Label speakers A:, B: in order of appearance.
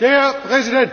A: Der Präsident!